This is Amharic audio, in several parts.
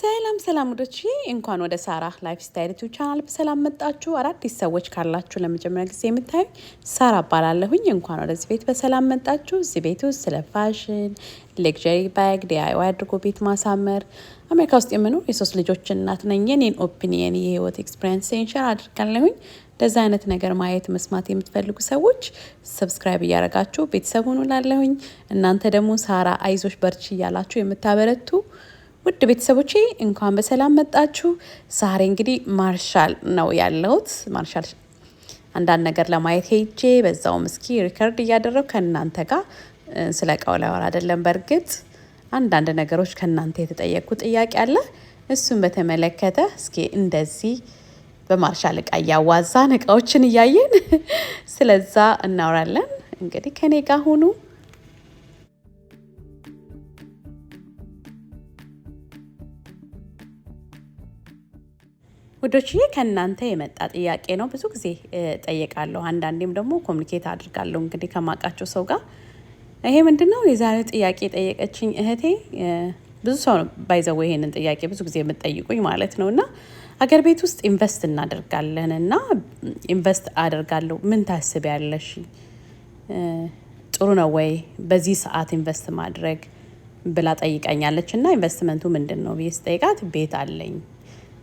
ሰላም ሰላም ወዶች እንኳን ወደ ሳራ ላይፍ ስታይል ዩቲዩብ ቻናል በሰላም መጣችሁ። አዳዲስ ሰዎች ካላችሁ ለመጀመሪያ ጊዜ የምታዩ ሳራ እባላለሁኝ። እንኳን ወደዚህ ቤት በሰላም መጣችሁ። እዚህ ቤት ውስጥ ስለ ፋሽን፣ ሌክዠሪ ባግ፣ ዲአይዋይ አድርጎ ቤት ማሳመር፣ አሜሪካ ውስጥ የምኖር የሶስት ልጆች እናት ነኝ። የኔን ኦፒኒየን የህይወት ኤክስፒሪንስ ሴንሸር አድርጋለሁኝ። እንደዚ አይነት ነገር ማየት መስማት የምትፈልጉ ሰዎች ሰብስክራይብ እያደረጋችሁ ቤተሰብ ሆኑላለሁኝ። እናንተ ደግሞ ሳራ አይዞች በርቺ እያላችሁ የምታበረቱ ውድ ቤተሰቦቼ እንኳን በሰላም መጣችሁ። ዛሬ እንግዲህ ማርሻል ነው ያለሁት። ማርሻል አንዳንድ ነገር ለማየት ሄጄ በዛውም እስኪ ሪከርድ እያደረው ከእናንተ ጋር ስለ እቃው ላወራ አይደለም። በእርግጥ አንዳንድ ነገሮች ከእናንተ የተጠየቁ ጥያቄ አለ። እሱን በተመለከተ እስኪ እንደዚህ በማርሻል እቃ እያዋዛን እቃዎችን እያየን ስለዛ እናወራለን። እንግዲህ ከኔ ጋር ሁኑ። ውዶችዬ ከእናንተ የመጣ ጥያቄ ነው። ብዙ ጊዜ ጠይቃለሁ፣ አንዳንዴም ደግሞ ኮሚኒኬት አድርጋለሁ እንግዲህ ከማውቃቸው ሰው ጋር። ይሄ ምንድን ነው የዛሬው ጥያቄ የጠየቀችኝ እህቴ። ብዙ ሰው ባይዘው ይሄንን ጥያቄ ብዙ ጊዜ የምጠይቁኝ ማለት ነው እና አገር ቤት ውስጥ ኢንቨስት እናደርጋለን እና ኢንቨስት አደርጋለሁ ምን ታስቢያለሽ? ጥሩ ነው ወይ በዚህ ሰዓት ኢንቨስት ማድረግ ብላ ጠይቀኛለች። እና ኢንቨስትመንቱ ምንድን ነው ብዬ ስጠይቃት ቤት አለኝ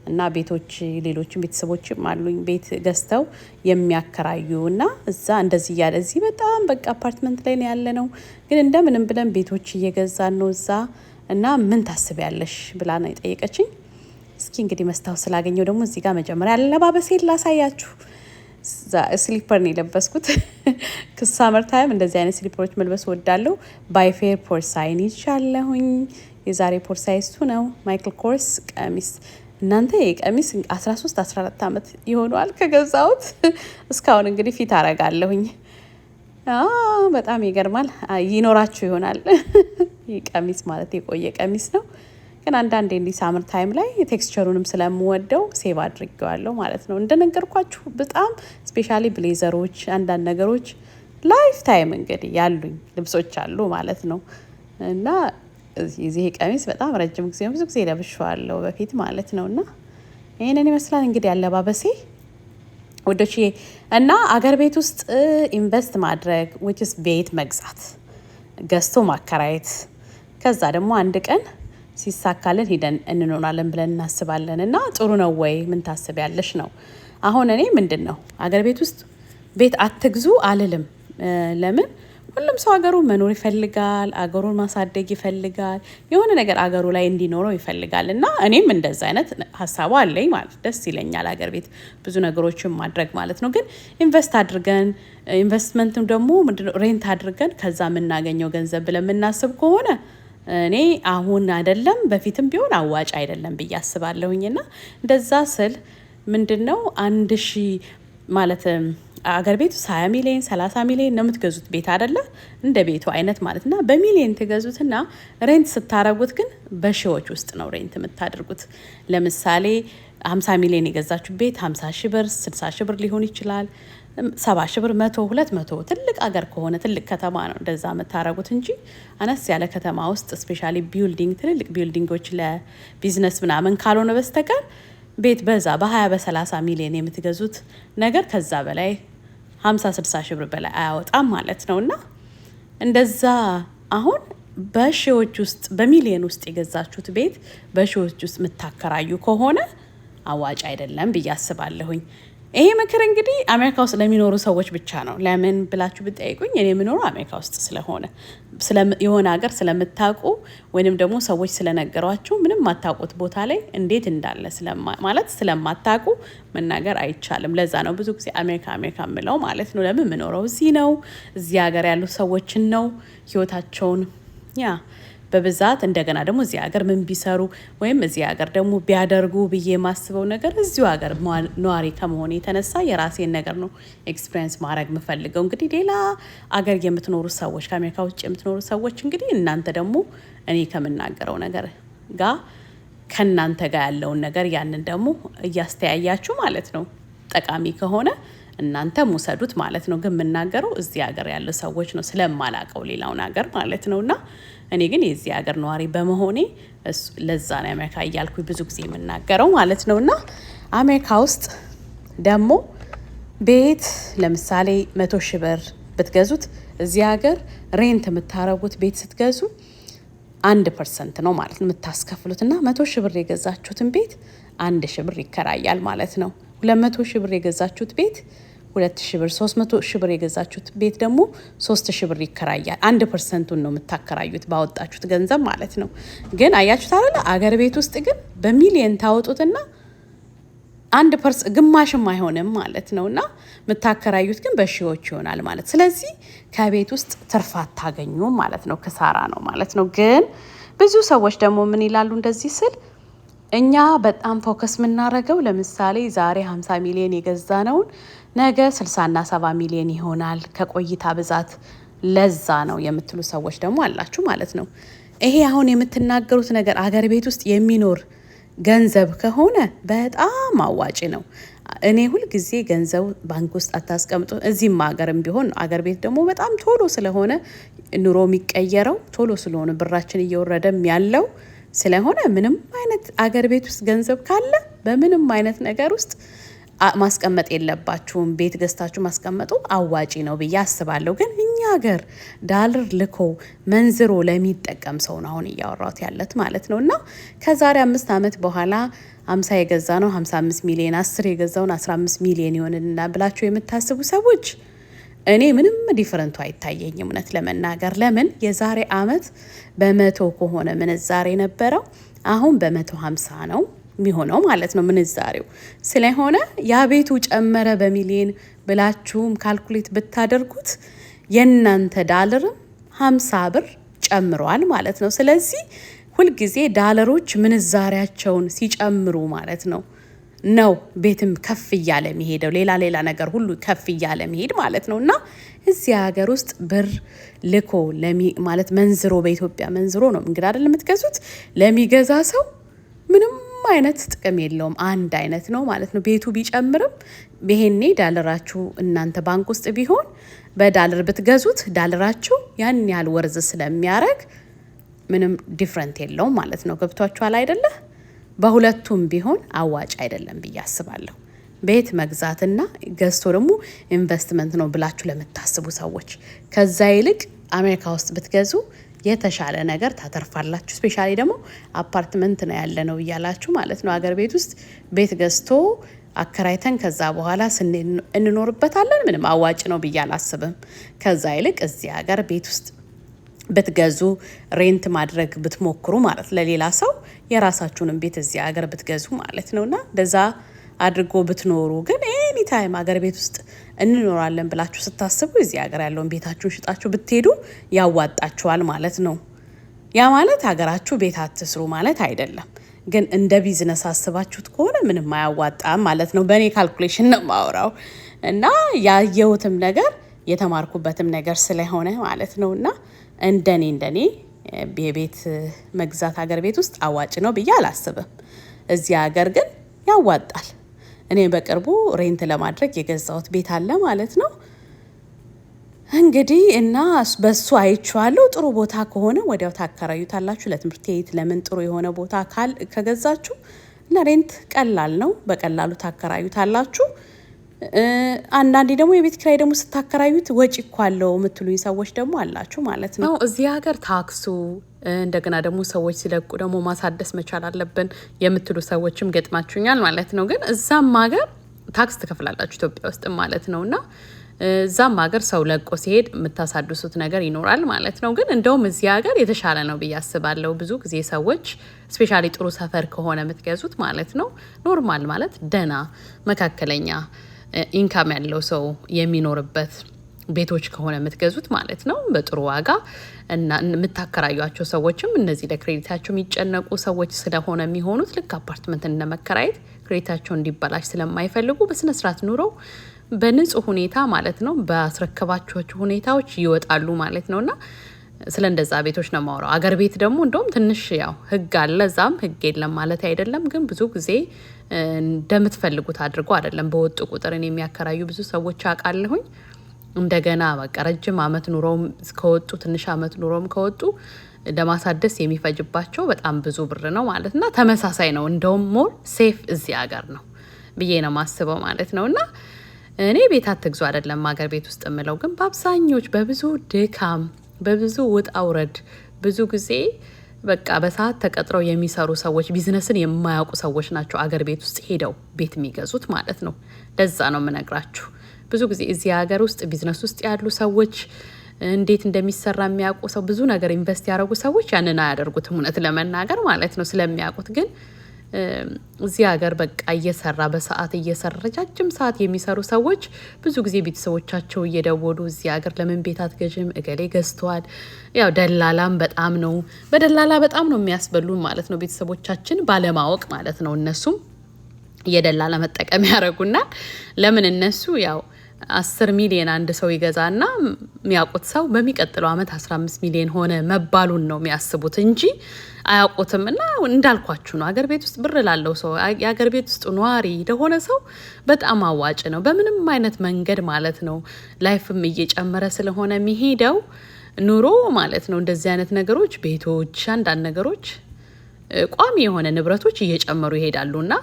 እና ቤቶች ሌሎችም ቤተሰቦችም አሉኝ ቤት ገዝተው የሚያከራዩ እና እዛ እንደዚህ እያለ እዚህ በጣም በቃ አፓርትመንት ላይ ነው ያለ ነው፣ ግን እንደምንም ብለን ቤቶች እየገዛን ነው እዛ እና ምን ታስቢያለሽ ብላ ነው የጠየቀችኝ። እስኪ እንግዲህ መስታወት ስላገኘው ደግሞ እዚህ ጋር መጀመሪያ አለባበሴን ላሳያችሁ። ስሊፐር ነው የለበስኩት። ክሳመር ታይም እንደዚህ አይነት ስሊፐሮች መልበስ ወዳለሁ። ባይፌር ፖርሳይን ይቻለሁኝ። የዛሬ ፖርሳይ እሱ ነው። ማይክል ኮርስ ቀሚስ እናንተ የቀሚስ 13 14 ዓመት ይሆነዋል ከገዛሁት። እስካሁን እንግዲህ ፊት አረጋለሁኝ። በጣም ይገርማል። ይኖራችሁ ይሆናል ይህ ቀሚስ ማለት የቆየ ቀሚስ ነው፣ ግን አንዳንዴ እንዲህ ሳምር ታይም ላይ ቴክስቸሩንም ስለምወደው ሴቭ አድርጌዋለሁ ማለት ነው። እንደነገርኳችሁ በጣም ስፔሻሊ ብሌዘሮች፣ አንዳንድ ነገሮች ላይፍ ታይም እንግዲህ ያሉኝ ልብሶች አሉ ማለት ነው እና ይሄ ቀሚስ በጣም ረጅም ጊዜ ብዙ ጊዜ ለብሼዋለሁ በፊት ማለት ነው። እና ይህንን ይመስላል እንግዲህ አለባበሴ ወዶች እና አገር ቤት ውስጥ ኢንቨስት ማድረግ ውጭስ ቤት መግዛት፣ ገዝቶ ማከራየት፣ ከዛ ደግሞ አንድ ቀን ሲሳካልን ሂደን እንኖራለን ብለን እናስባለን። እና ጥሩ ነው ወይ ምን ታስብ ያለሽ ነው። አሁን እኔ ምንድን ነው አገር ቤት ውስጥ ቤት አትግዙ አልልም። ለምን ሁሉም ሰው አገሩ መኖር ይፈልጋል። አገሩን ማሳደግ ይፈልጋል። የሆነ ነገር አገሩ ላይ እንዲኖረው ይፈልጋል እና እኔም እንደዛ አይነት ሀሳቡ አለኝ ማለት ደስ ይለኛል። አገር ቤት ብዙ ነገሮችን ማድረግ ማለት ነው። ግን ኢንቨስት አድርገን ኢንቨስትመንትም ደግሞ ሬንት አድርገን ከዛ የምናገኘው ገንዘብ ብለን የምናስብ ከሆነ እኔ አሁን አይደለም በፊትም ቢሆን አዋጭ አይደለም ብዬ አስባለሁኝ። እና እንደዛ ስል ምንድን ነው አንድ ሺ ማለት አገር ቤት ውስጥ ሀያ ሚሊዮን ሰላሳ ሚሊዮን ነው የምትገዙት ቤት አደለ እንደ ቤቱ አይነት ማለት ና በሚሊዮን ትገዙትና ሬንት ስታረጉት ግን በሺዎች ውስጥ ነው ሬንት የምታደርጉት። ለምሳሌ ሀምሳ ሚሊዮን የገዛችሁ ቤት ሀምሳ ሺ ብር ስልሳ ሺ ብር ሊሆን ይችላል። ሰባ ሺ ብር መቶ ሁለት መቶ ትልቅ አገር ከሆነ ትልቅ ከተማ ነው እንደዛ የምታረጉት እንጂ አነስ ያለ ከተማ ውስጥ ስፔሻሊ ቢልዲንግ ትልልቅ ቢልዲንጎች ለቢዝነስ ምናምን ካልሆነ በስተቀር ቤት በዛ በ20 በ30 ሚሊዮን የምትገዙት ነገር ከዛ በላይ 50 60 ሺህ ብር በላይ አያወጣም ማለት ነው። እና እንደዛ አሁን በሺዎች ውስጥ በሚሊዮን ውስጥ የገዛችሁት ቤት በሺዎች ውስጥ የምታከራዩ ከሆነ አዋጭ አይደለም ብዬ አስባለሁኝ። ይሄ ምክር እንግዲህ አሜሪካ ውስጥ ለሚኖሩ ሰዎች ብቻ ነው። ለምን ብላችሁ ብጠይቁኝ እኔ የምኖረው አሜሪካ ውስጥ ስለሆነ የሆነ ሀገር ስለምታውቁ ወይንም ደግሞ ሰዎች ስለነገሯችሁ ምንም ማታውቁት ቦታ ላይ እንዴት እንዳለ ማለት ስለማታውቁ መናገር አይቻልም። ለዛ ነው ብዙ ጊዜ አሜሪካ አሜሪካ የምለው ማለት ነው። ለምን የምኖረው እዚህ ነው። እዚህ ሀገር ያሉ ሰዎችን ነው ህይወታቸውን ያ በብዛት እንደገና ደግሞ እዚህ ሀገር ምን ቢሰሩ ወይም እዚህ ሀገር ደግሞ ቢያደርጉ ብዬ የማስበው ነገር እዚሁ ሀገር ነዋሪ ከመሆን የተነሳ የራሴን ነገር ነው ኤክስፒሪንስ ማድረግ የምፈልገው። እንግዲህ ሌላ አገር የምትኖሩ ሰዎች ከአሜሪካ ውጭ የምትኖሩ ሰዎች እንግዲህ እናንተ ደግሞ እኔ ከምናገረው ነገር ጋር ከእናንተ ጋር ያለውን ነገር ያንን ደግሞ እያስተያያችሁ ማለት ነው ጠቃሚ ከሆነ እናንተ ውሰዱት ማለት ነው። ግን የምናገረው እዚህ ሀገር ያለ ሰዎች ነው ስለማላቀው ሌላውን ሀገር ማለት ነው። እና እኔ ግን የዚህ ሀገር ነዋሪ በመሆኔ ለዛ ነው አሜሪካ እያልኩኝ ብዙ ጊዜ የምናገረው ማለት ነው። እና አሜሪካ ውስጥ ደግሞ ቤት ለምሳሌ መቶ ሺህ ብር ብትገዙት እዚህ ሀገር ሬንት የምታረጉት ቤት ስትገዙ አንድ ፐርሰንት ነው ማለት ነው የምታስከፍሉት እና መቶ ሺህ ብር የገዛችሁትን ቤት አንድ ሺህ ብር ይከራያል ማለት ነው። ሁለት መቶ ሺህ ብር የገዛችሁት ቤት ሁለት ሺ ብር፣ ሶስት መቶ ሺ ብር የገዛችሁት ቤት ደግሞ ሶስት ሺ ብር ይከራያል። አንድ ፐርሰንቱን ነው የምታከራዩት ባወጣችሁት ገንዘብ ማለት ነው። ግን አያችሁት አለ አገር ቤት ውስጥ ግን በሚሊየን ታወጡትና አንድ ፐርስ ግማሽም አይሆንም ማለት ነው። እና የምታከራዩት ግን በሺዎች ይሆናል ማለት ስለዚህ ከቤት ውስጥ ትርፍ አታገኙም ማለት ነው። ክሳራ ነው ማለት ነው። ግን ብዙ ሰዎች ደግሞ ምን ይላሉ እንደዚህ ስል እኛ በጣም ፎከስ የምናደርገው ለምሳሌ ዛሬ 50 ሚሊዮን ነውን። ነገ 60ና 70 ሚሊዮን ይሆናል ከቆይታ ብዛት ለዛ ነው የምትሉ ሰዎች ደግሞ አላችሁ ማለት ነው። ይሄ አሁን የምትናገሩት ነገር አገር ቤት ውስጥ የሚኖር ገንዘብ ከሆነ በጣም አዋጭ ነው። እኔ ሁልጊዜ ገንዘብ ባንክ ውስጥ አታስቀምጡ። እዚህም ሀገርም ቢሆን አገር ቤት ደግሞ በጣም ቶሎ ስለሆነ ኑሮ የሚቀየረው ቶሎ ስለሆነ ብራችን እየወረደም ያለው ስለሆነ ምንም አይነት አገር ቤት ውስጥ ገንዘብ ካለ በምንም አይነት ነገር ውስጥ ማስቀመጥ የለባችሁም። ቤት ገዝታችሁ ማስቀመጡ አዋጪ ነው ብዬ አስባለሁ። ግን እኛ ሀገር ዳልር ልኮ መንዝሮ ለሚጠቀም ሰው ነው አሁን እያወራት ያለት ማለት ነው። እና ከዛሬ አምስት ዓመት በኋላ አምሳ የገዛ ነው ሀምሳ አምስት ሚሊዮን አስር የገዛውን አስራ አምስት ሚሊዮን ይሆንና ብላችሁ የምታስቡ ሰዎች እኔ ምንም ዲፈረንቱ አይታየኝም። እውነት ለመናገር ለምን የዛሬ አመት በመቶ ከሆነ ምንዛሬ ነበረው አሁን በመቶ ሀምሳ ነው የሚሆነው ማለት ነው ምንዛሬው ስለሆነ ያ ቤቱ ጨመረ በሚሊየን ብላችሁም ካልኩሌት ብታደርጉት የእናንተ ዳለርም ሀምሳ ብር ጨምሯል ማለት ነው። ስለዚህ ሁልጊዜ ዳለሮች ምንዛሪያቸውን ሲጨምሩ ማለት ነው ነው ቤትም ከፍ እያለ መሄደው ሌላ ሌላ ነገር ሁሉ ከፍ እያለ መሄድ ማለት ነው። እና እዚህ ሀገር ውስጥ ብር ልኮ ማለት መንዝሮ በኢትዮጵያ መንዝሮ ነው እንግዲህ አይደል የምትገዙት ለሚገዛ ሰው ምንም አይነት ጥቅም የለውም። አንድ አይነት ነው ማለት ነው። ቤቱ ቢጨምርም ይሄኔ ዳለራችሁ እናንተ ባንክ ውስጥ ቢሆን በዳለር ብትገዙት ዳለራችሁ ያን ያህል ወርዝ ስለሚያረግ ምንም ዲፍረንት የለውም ማለት ነው። ገብቷችኋል አይደለ? በሁለቱም ቢሆን አዋጭ አይደለም ብዬ አስባለሁ። ቤት መግዛትና ገዝቶ ደግሞ ኢንቨስትመንት ነው ብላችሁ ለምታስቡ ሰዎች ከዛ ይልቅ አሜሪካ ውስጥ ብትገዙ የተሻለ ነገር ታተርፋላችሁ። ስፔሻሊ ደግሞ አፓርትመንት ነው ያለ ነው እያላችሁ ማለት ነው አገር ቤት ውስጥ ቤት ገዝቶ አከራይተን ከዛ በኋላ እንኖርበታለን ምንም አዋጭ ነው ብዬ አላስብም። ከዛ ይልቅ እዚህ ሀገር ቤት ውስጥ ብትገዙ ሬንት ማድረግ ብትሞክሩ ማለት ለሌላ ሰው የራሳችሁንም ቤት እዚህ ሀገር ብትገዙ ማለት ነውና እንደዛ አድርጎ ብትኖሩ ግን ኤኒ ታይም አገር ቤት ውስጥ እንኖራለን ብላችሁ ስታስቡ እዚህ ሀገር ያለውን ቤታችሁን ሽጣችሁ ብትሄዱ ያዋጣችኋል ማለት ነው። ያ ማለት ሀገራችሁ ቤት አትስሩ ማለት አይደለም፣ ግን እንደ ቢዝነስ አስባችሁት ከሆነ ምንም አያዋጣም ማለት ነው። በእኔ ካልኩሌሽን ነው የማወራው እና ያየሁትም ነገር የተማርኩበትም ነገር ስለሆነ ማለት ነው እና እንደኔ እንደኔ የቤት መግዛት ሀገር ቤት ውስጥ አዋጭ ነው ብዬ አላስብም። እዚህ ሀገር ግን ያዋጣል። እኔ በቅርቡ ሬንት ለማድረግ የገዛሁት ቤት አለ ማለት ነው። እንግዲህ እና በሱ አይቼዋለሁ። ጥሩ ቦታ ከሆነ ወዲያው ታከራዩታላችሁ። ለትምህርት ቤት ለምን ጥሩ የሆነ ቦታ ካል ከገዛችሁ ለሬንት ቀላል ነው፣ በቀላሉ ታከራዩታላችሁ። አንዳንዴ ደግሞ የቤት ኪራይ ደግሞ ስታከራዩት ወጪ እኮ አለው የምትሉኝ ሰዎች ደግሞ አላችሁ ማለት ነው። እዚህ ሀገር ታክሱ እንደገና ደግሞ ሰዎች ሲለቁ ደግሞ ማሳደስ መቻል አለብን የምትሉ ሰዎችም ገጥማችሁኛል ማለት ነው። ግን እዛም ሀገር ታክስ ትከፍላላችሁ ኢትዮጵያ ውስጥ ማለት ነው እና እዛም ሀገር ሰው ለቆ ሲሄድ የምታሳድሱት ነገር ይኖራል ማለት ነው። ግን እንደውም እዚህ ሀገር የተሻለ ነው ብዬ አስባለሁ። ብዙ ጊዜ ሰዎች ስፔሻሊ ጥሩ ሰፈር ከሆነ የምትገዙት ማለት ነው ኖርማል ማለት ደና መካከለኛ ኢንካም ያለው ሰው የሚኖርበት ቤቶች ከሆነ የምትገዙት ማለት ነው በጥሩ ዋጋ እና የምታከራዩቸው ሰዎችም እነዚህ ለክሬዲታቸው የሚጨነቁ ሰዎች ስለሆነ የሚሆኑት ልክ አፓርትመንት እንደመከራየት ክሬዲታቸው እንዲበላሽ ስለማይፈልጉ በስነስርዓት ኑረው በንጹህ ሁኔታ ማለት ነው በአስረከባቸው ሁኔታዎች ይወጣሉ ማለት ነውና ስለ እንደዛ ቤቶች ነው ማውራው። አገር ቤት ደግሞ እንደውም ትንሽ ያው ህግ አለ፣ እዛም ህግ የለም ማለት አይደለም፣ ግን ብዙ ጊዜ እንደምትፈልጉት አድርጎ አይደለም። በወጡ ቁጥር እኔ የሚያከራዩ ብዙ ሰዎች አውቃለሁኝ። እንደገና በቃ ረጅም አመት ኑሮም ከወጡ ትንሽ አመት ኑሮም ከወጡ ለማሳደስ የሚፈጅባቸው በጣም ብዙ ብር ነው ማለት እና ተመሳሳይ ነው። እንደውም ሞር ሴፍ እዚህ ሀገር ነው ብዬ ነው ማስበው ማለት ነው እና እኔ ቤት አትግዙ አይደለም ሀገር ቤት ውስጥ የምለው ግን በአብዛኞች በብዙ ድካም በብዙ ውጣ ውረድ ብዙ ጊዜ በቃ በሰዓት ተቀጥረው የሚሰሩ ሰዎች ቢዝነስን የማያውቁ ሰዎች ናቸው። አገር ቤት ውስጥ ሄደው ቤት የሚገዙት ማለት ነው። ለዛ ነው የምነግራችሁ። ብዙ ጊዜ እዚህ ሀገር ውስጥ ቢዝነስ ውስጥ ያሉ ሰዎች እንዴት እንደሚሰራ የሚያውቁ ሰው ብዙ ነገር ኢንቨስት ያደረጉ ሰዎች ያንን አያደርጉትም፣ እውነት ለመናገር ማለት ነው ስለሚያውቁት ግን እዚህ ሀገር በቃ እየሰራ በሰዓት እየሰራ ረጃጅም ሰዓት የሚሰሩ ሰዎች ብዙ ጊዜ ቤተሰቦቻቸው እየደወሉ እዚህ ሀገር ለምን ቤት አትገዥም? እገሌ ገዝተዋል። ያው ደላላም በጣም ነው በደላላ በጣም ነው የሚያስበሉን ማለት ነው። ቤተሰቦቻችን ባለማወቅ ማለት ነው። እነሱም የደላላ መጠቀም ያደረጉና ለምን እነሱ ያው አስር ሚሊዮን አንድ ሰው ይገዛና የሚያውቁት ሰው በሚቀጥለው ዓመት አስራ አምስት ሚሊዮን ሆነ መባሉን ነው የሚያስቡት እንጂ አያውቁትም እና እንዳልኳችሁ ነው። አገር ቤት ውስጥ ብር ላለው ሰው የአገር ቤት ውስጥ ነዋሪ ለሆነ ሰው በጣም አዋጭ ነው። በምንም አይነት መንገድ ማለት ነው። ላይፍም እየጨመረ ስለሆነ የሚሄደው ኑሮ ማለት ነው። እንደዚህ አይነት ነገሮች ቤቶች፣ አንዳንድ ነገሮች ቋሚ የሆነ ንብረቶች እየጨመሩ ይሄዳሉና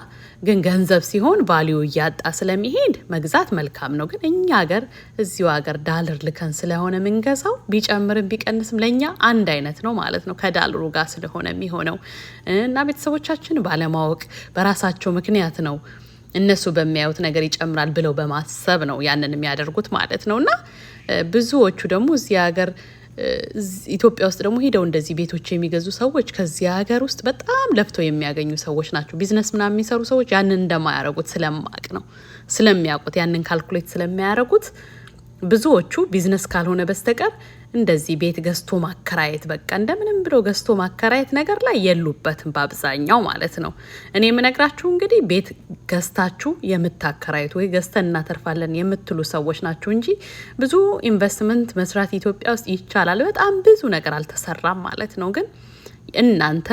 ግን ገንዘብ ሲሆን ቫሊዩ እያጣ ስለሚሄድ መግዛት መልካም ነው። ግን እኛ ሀገር እዚሁ ሀገር ዳልር ልከን ስለሆነ የምንገዛው ቢጨምርም ቢቀንስም ለእኛ አንድ አይነት ነው ማለት ነው ከዳልሩ ጋር ስለሆነ የሚሆነው እና ቤተሰቦቻችን ባለማወቅ በራሳቸው ምክንያት ነው እነሱ በሚያዩት ነገር ይጨምራል ብለው በማሰብ ነው ያንን የሚያደርጉት ማለት ነው እና ብዙዎቹ ደግሞ እዚህ ሀገር ኢትዮጵያ ውስጥ ደግሞ ሄደው እንደዚህ ቤቶች የሚገዙ ሰዎች ከዚህ ሀገር ውስጥ በጣም ለፍተው የሚያገኙ ሰዎች ናቸው። ቢዝነስ ምናምን የሚሰሩ ሰዎች ያንን እንደማያደረጉት ስለማቅ ነው ስለሚያውቁት ያንን ካልኩሌት ስለሚያደርጉት ብዙዎቹ ቢዝነስ ካልሆነ በስተቀር እንደዚህ ቤት ገዝቶ ማከራየት በቃ እንደምንም ብሎ ገዝቶ ማከራየት ነገር ላይ የሉበትም በአብዛኛው ማለት ነው። እኔ የምነግራችሁ እንግዲህ ቤት ገዝታችሁ የምታከራዩት ወይ ገዝተን እናተርፋለን የምትሉ ሰዎች ናቸው እንጂ ብዙ ኢንቨስትመንት መስራት ኢትዮጵያ ውስጥ ይቻላል። በጣም ብዙ ነገር አልተሰራም ማለት ነው። ግን እናንተ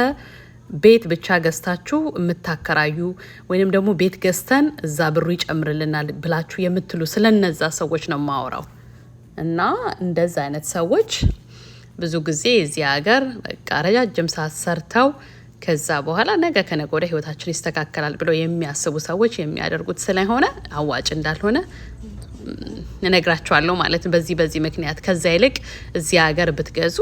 ቤት ብቻ ገዝታችሁ የምታከራዩ ወይንም ደግሞ ቤት ገዝተን እዛ ብሩ ይጨምርልናል ብላችሁ የምትሉ ስለነዛ ሰዎች ነው የማወራው። እና እንደዛ አይነት ሰዎች ብዙ ጊዜ እዚህ ሀገር በቃ ረጃጅም ሰዓት ሰርተው ከዛ በኋላ ነገ ከነገ ወዲያ ህይወታችን ይስተካከላል ብለው የሚያስቡ ሰዎች የሚያደርጉት ስለሆነ አዋጭ እንዳልሆነ እነግራችኋለሁ ማለት ነው። በዚህ በዚህ ምክንያት ከዛ ይልቅ እዚህ ሀገር ብትገዙ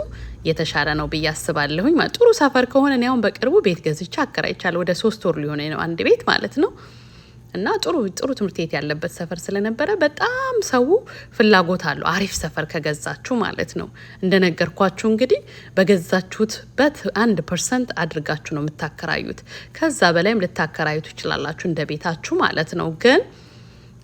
የተሻለ ነው ብዬ አስባለሁኝ። ጥሩ ሰፈር ከሆነ እኔ አሁን በቅርቡ ቤት ገዝቼ አከራይቻለሁ። ወደ ሶስት ወር ሊሆነ ነው አንድ ቤት ማለት ነው። እና ጥሩ ጥሩ ትምህርት ቤት ያለበት ሰፈር ስለነበረ በጣም ሰው ፍላጎት አለው። አሪፍ ሰፈር ከገዛችሁ ማለት ነው። እንደነገርኳችሁ እንግዲህ በገዛችሁትበት አንድ ፐርሰንት አድርጋችሁ ነው የምታከራዩት። ከዛ በላይም ልታከራዩት ይችላላችሁ እንደ ቤታችሁ ማለት ነው። ግን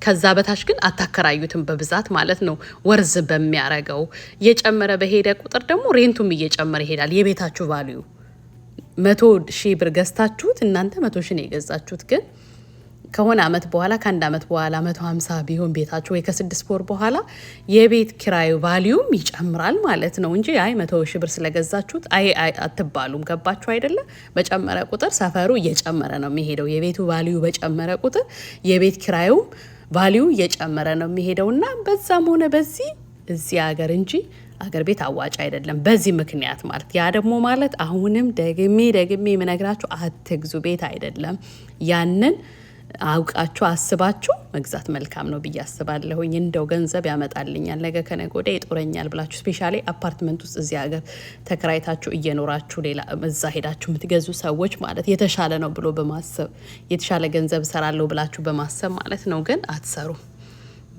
ከዛ በታች ግን አታከራዩትም በብዛት ማለት ነው። ወርዝ በሚያረገው እየጨመረ በሄደ ቁጥር ደግሞ ሬንቱም እየጨመረ ይሄዳል። የቤታችሁ ቫልዩ መቶ ሺህ ብር ገዝታችሁት እናንተ መቶ ሺህ ነው የገዛችሁት ግን ከሆነ አመት በኋላ ከአንድ አመት በኋላ መቶ ሀምሳ ቢሆን ቤታቸው ወይ ከስድስት ወር በኋላ የቤት ኪራዩ ቫሊዩም ይጨምራል ማለት ነው እንጂ አይ መቶ ሺ ብር ስለገዛችሁት አይ አትባሉም። ገባችሁ አይደለ? በጨመረ ቁጥር ሰፈሩ እየጨመረ ነው የሚሄደው። የቤቱ ቫሊዩ በጨመረ ቁጥር የቤት ኪራዩም ቫሊዩ እየጨመረ ነው የሚሄደው እና በዛም ሆነ በዚህ እዚህ ሀገር እንጂ አገር ቤት አዋጭ አይደለም። በዚህ ምክንያት ማለት ያ ደግሞ ማለት አሁንም ደግሜ ደግሜ የምነግራችሁ አትግዙ ቤት አይደለም ያንን አውቃችሁ አስባችሁ መግዛት መልካም ነው ብዬ አስባለሁኝ። እንደው ገንዘብ ያመጣልኛል ነገ ከነገ ወዲያ ይጦረኛል ብላችሁ ስፔሻሊ አፓርትመንት ውስጥ እዚህ ሀገር ተከራይታችሁ እየኖራችሁ ሌላ እዛ ሄዳችሁ የምትገዙ ሰዎች ማለት የተሻለ ነው ብሎ በማሰብ የተሻለ ገንዘብ እሰራለሁ ብላችሁ በማሰብ ማለት ነው። ግን አትሰሩም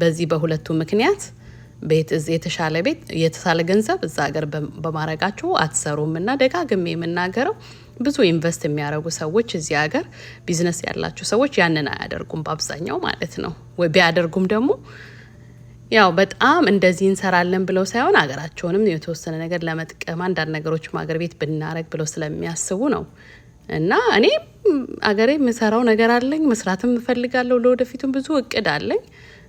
በዚህ በሁለቱ ምክንያት ቤት የተሻለ ቤት የተሳለ ገንዘብ እዛ ሀገር በማድረጋችሁ አትሰሩም እና ደጋግሜ የምናገረው ብዙ ኢንቨስት የሚያደርጉ ሰዎች እዚህ ሀገር ቢዝነስ ያላቸው ሰዎች ያንን አያደርጉም በአብዛኛው ማለት ነው። ወይ ቢያደርጉም ደግሞ ያው በጣም እንደዚህ እንሰራለን ብለው ሳይሆን ሀገራቸውንም የተወሰነ ነገር ለመጥቀም አንዳንድ ነገሮች ሀገር ቤት ብናረግ ብለው ስለሚያስቡ ነው። እና እኔ አገሬ የምሰራው ነገር አለኝ መስራትም እፈልጋለሁ። ለወደፊቱም ብዙ እቅድ አለኝ።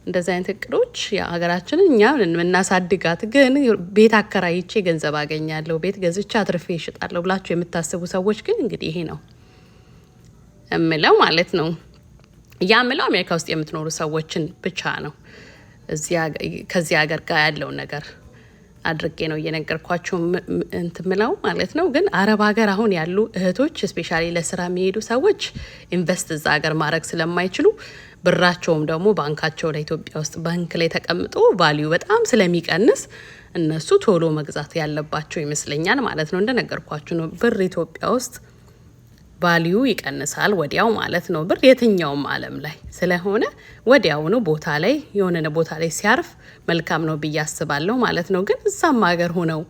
እንደዚህ አይነት እቅዶች የሀገራችንን እኛ የምናሳድጋት ግን ቤት አከራይቼ ገንዘብ አገኛለሁ፣ ቤት ገዝቼ አትርፌ ይሽጣለሁ ብላችሁ የምታስቡ ሰዎች ግን እንግዲህ ይሄ ነው እምለው ማለት ነው። ያ ምለው አሜሪካ ውስጥ የምትኖሩ ሰዎችን ብቻ ነው ከዚህ ሀገር ጋር ያለውን ነገር አድርጌ ነው እየነገርኳቸው እንትምለው ማለት ነው። ግን አረብ ሀገር አሁን ያሉ እህቶች ስፔሻሊ ለስራ የሚሄዱ ሰዎች ኢንቨስት እዛ ሀገር ማድረግ ስለማይችሉ ብራቸውም ደግሞ ባንካቸው ለኢትዮጵያ ውስጥ ባንክ ላይ ተቀምጦ ቫሊዩ በጣም ስለሚቀንስ እነሱ ቶሎ መግዛት ያለባቸው ይመስለኛል ማለት ነው። እንደነገርኳችሁ ነው ብር ኢትዮጵያ ውስጥ ቫሊዩ ይቀንሳል ወዲያው ማለት ነው። ብር የትኛውም ዓለም ላይ ስለሆነ ወዲያውኑ ቦታ ላይ የሆነ ቦታ ላይ ሲያርፍ መልካም ነው ብዬ አስባለሁ ማለት ነው። ግን እዛም ሀገር ሆነው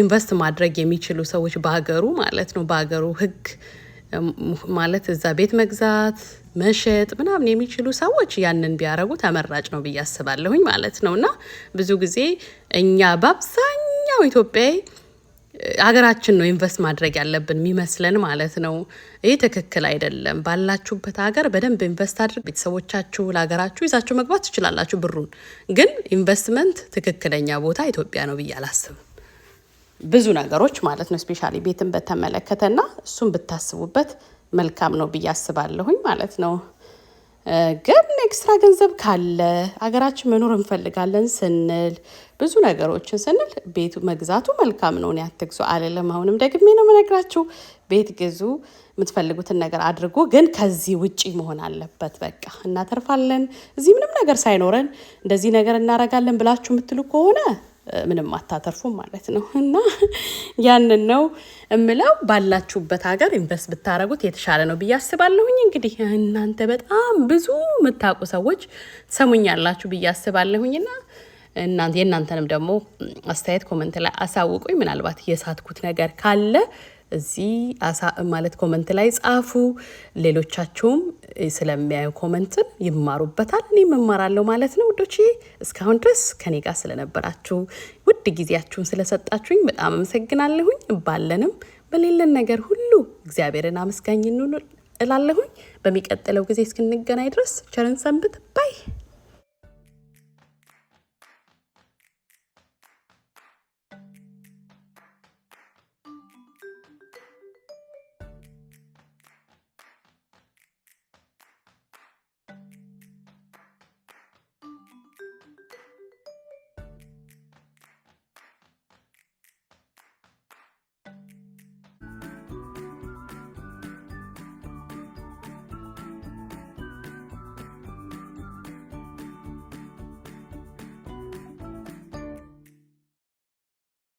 ኢንቨስት ማድረግ የሚችሉ ሰዎች በሀገሩ ማለት ነው በሀገሩ ህግ ማለት እዛ ቤት መግዛት መሸጥ ምናምን የሚችሉ ሰዎች ያንን ቢያደርጉ ተመራጭ ነው ብዬ አስባለሁኝ ማለት ነው። እና ብዙ ጊዜ እኛ በአብዛኛው ኢትዮጵያዊ ሀገራችን ነው ኢንቨስት ማድረግ ያለብን የሚመስለን ማለት ነው። ይህ ትክክል አይደለም። ባላችሁበት ሀገር በደንብ ኢንቨስት አድርግ። ቤተሰቦቻችሁ ለሀገራችሁ ይዛችሁ መግባት ትችላላችሁ ብሩን። ግን ኢንቨስትመንት ትክክለኛ ቦታ ኢትዮጵያ ነው ብዬ አላስብም። ብዙ ነገሮች ማለት ነው ስፔሻሊ ቤትን በተመለከተና እሱን ብታስቡበት መልካም ነው ብዬ አስባለሁኝ ማለት ነው። ግን ኤክስትራ ገንዘብ ካለ አገራችን መኖር እንፈልጋለን ስንል ብዙ ነገሮችን ስንል ቤቱ መግዛቱ መልካም ነው። ያትግዙ አትግዙ አልልም። አሁንም ደግሜ ነው የምነግራችሁ፣ ቤት ግዙ፣ የምትፈልጉትን ነገር አድርጉ። ግን ከዚህ ውጪ መሆን አለበት። በቃ እናተርፋለን፣ እዚህ ምንም ነገር ሳይኖረን እንደዚህ ነገር እናረጋለን ብላችሁ የምትሉ ከሆነ ምንም አታተርፉም ማለት ነው። እና ያንን ነው እምለው። ባላችሁበት ሀገር ኢንቨስት ብታደረጉት የተሻለ ነው ብዬ አስባለሁኝ። እንግዲህ እናንተ በጣም ብዙ የምታውቁ ሰዎች ሰሙኛላችሁ ብዬ አስባለሁኝና የእናንተንም ደግሞ አስተያየት ኮመንት ላይ አሳውቁኝ። ምናልባት የሳትኩት ነገር ካለ እዚህ ማለት ኮመንት ላይ ጻፉ። ሌሎቻችሁም ስለሚያዩ ኮመንትን ይማሩበታል፣ እኔም መማራለሁ ማለት ነው ውዶች። እስካሁን ድረስ ከኔ ጋር ስለነበራችሁ ውድ ጊዜያችሁን ስለሰጣችሁኝ በጣም አመሰግናለሁኝ። ባለንም በሌለን ነገር ሁሉ እግዚአብሔርን አመስጋኝ እላለሁኝ። በሚቀጥለው ጊዜ እስክንገናኝ ድረስ ቸርን ሰንብት ባይ